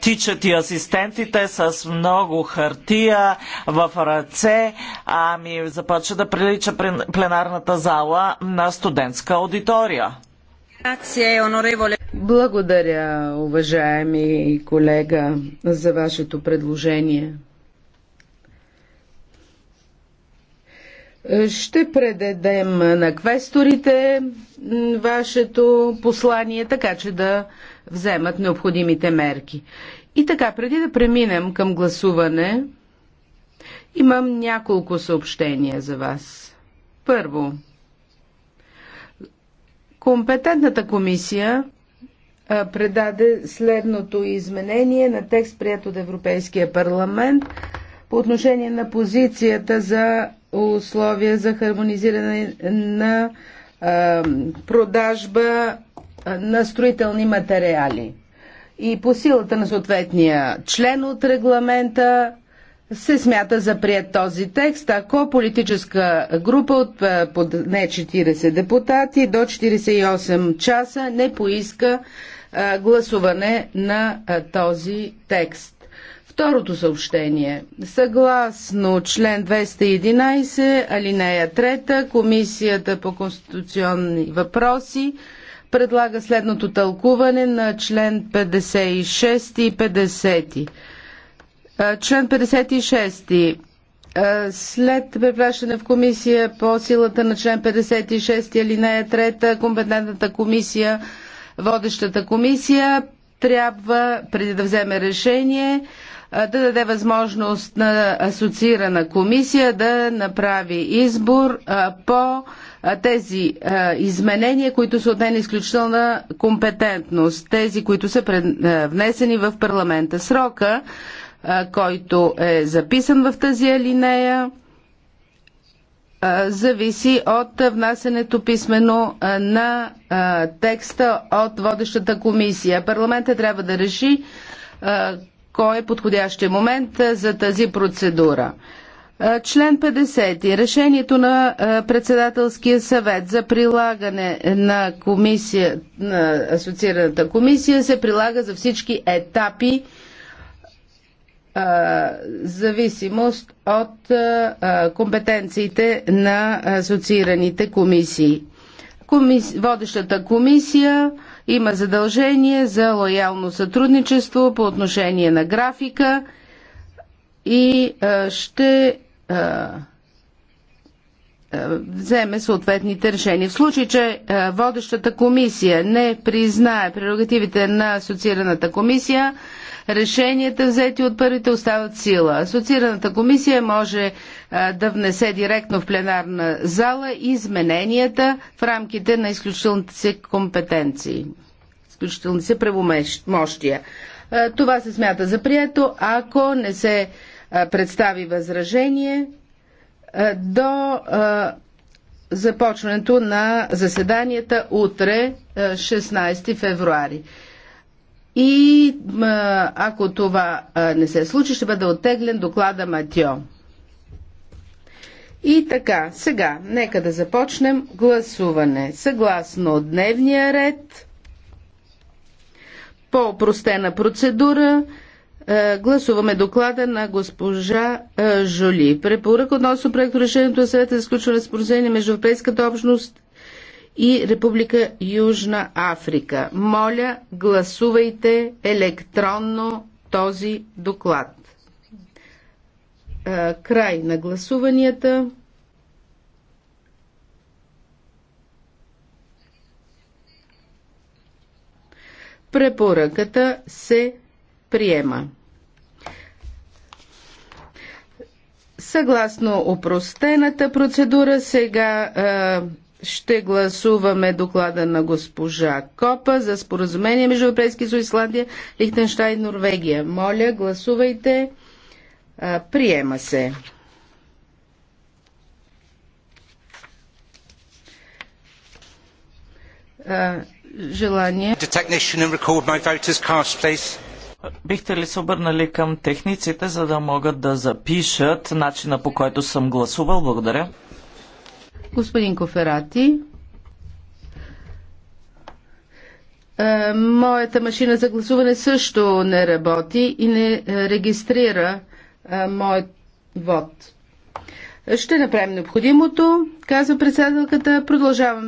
тичат и асистентите с много хартия в ръце, ами започва да прилича пленарната зала на студентска аудитория. Благодаря, уважаеми колега, за вашето предложение. Ще предадем на квесторите вашето послание, така че да вземат необходимите мерки. И така, преди да преминем към гласуване, имам няколко съобщения за вас. Първо, компетентната комисия предаде следното изменение на текст, прият от Европейския парламент по отношение на позицията за условия за хармонизиране на продажба на строителни материали. И по силата на съответния член от регламента се смята за прият този текст, ако политическа група от не 40 депутати до 48 часа не поиска гласуване на този текст. Второто съобщение. Съгласно член 211, алинея 3, Комисията по конституционни въпроси предлага следното тълкуване на член 56 и 50. Член 56. След препращане в комисия по силата на член 56 алинея 3, компетентната комисия, водещата комисия трябва, преди да вземе решение, да даде възможност на асоциирана комисия да направи избор по тези изменения, които са от отнени изключителна компетентност, тези, които са внесени в парламента. Срока, който е записан в тази алинея, зависи от внасенето писмено на текста от водещата комисия. Парламента трябва да реши кой е подходящия момент за тази процедура. Член 50. Решението на председателския съвет за прилагане на, комисия, на асоциираната комисия се прилага за всички етапи зависимост от компетенциите на асоциираните комисии. Комис... Водещата комисия има задължение за лоялно сътрудничество по отношение на графика и ще вземе съответните решения. В случай, че водещата комисия не признае прерогативите на асоциираната комисия, решенията взети от първите остават сила. Асоциираната комисия може да внесе директно в пленарна зала измененията в рамките на изключителните си компетенции, изключителните си правомощия. Това се смята за прието, ако не се представи възражение до започването на заседанията утре, 16 февруари. И ако това не се случи, ще бъде оттеглен доклада Матьо. И така, сега, нека да започнем гласуване. Съгласно дневния ред, по простена процедура, гласуваме доклада на госпожа Жоли. Препорък относно проекто решението на съвета за изключване на споразумение между Европейската общност и Република Южна Африка. Моля, гласувайте електронно този доклад. Край на гласуванията. Препоръката се приема. Съгласно опростената процедура, сега ще гласуваме доклада на госпожа Копа за споразумение между Европейския съюз, Исландия, Лихтенштайн, Норвегия. Моля, гласувайте. Приема се. Желание. Бихте ли се обърнали към техниците, за да могат да запишат начина по който съм гласувал? Благодаря. Господин Коферати, е, моята машина за гласуване също не работи и не регистрира е, моят вод. Ще направим необходимото, казва председателката. Продължавам.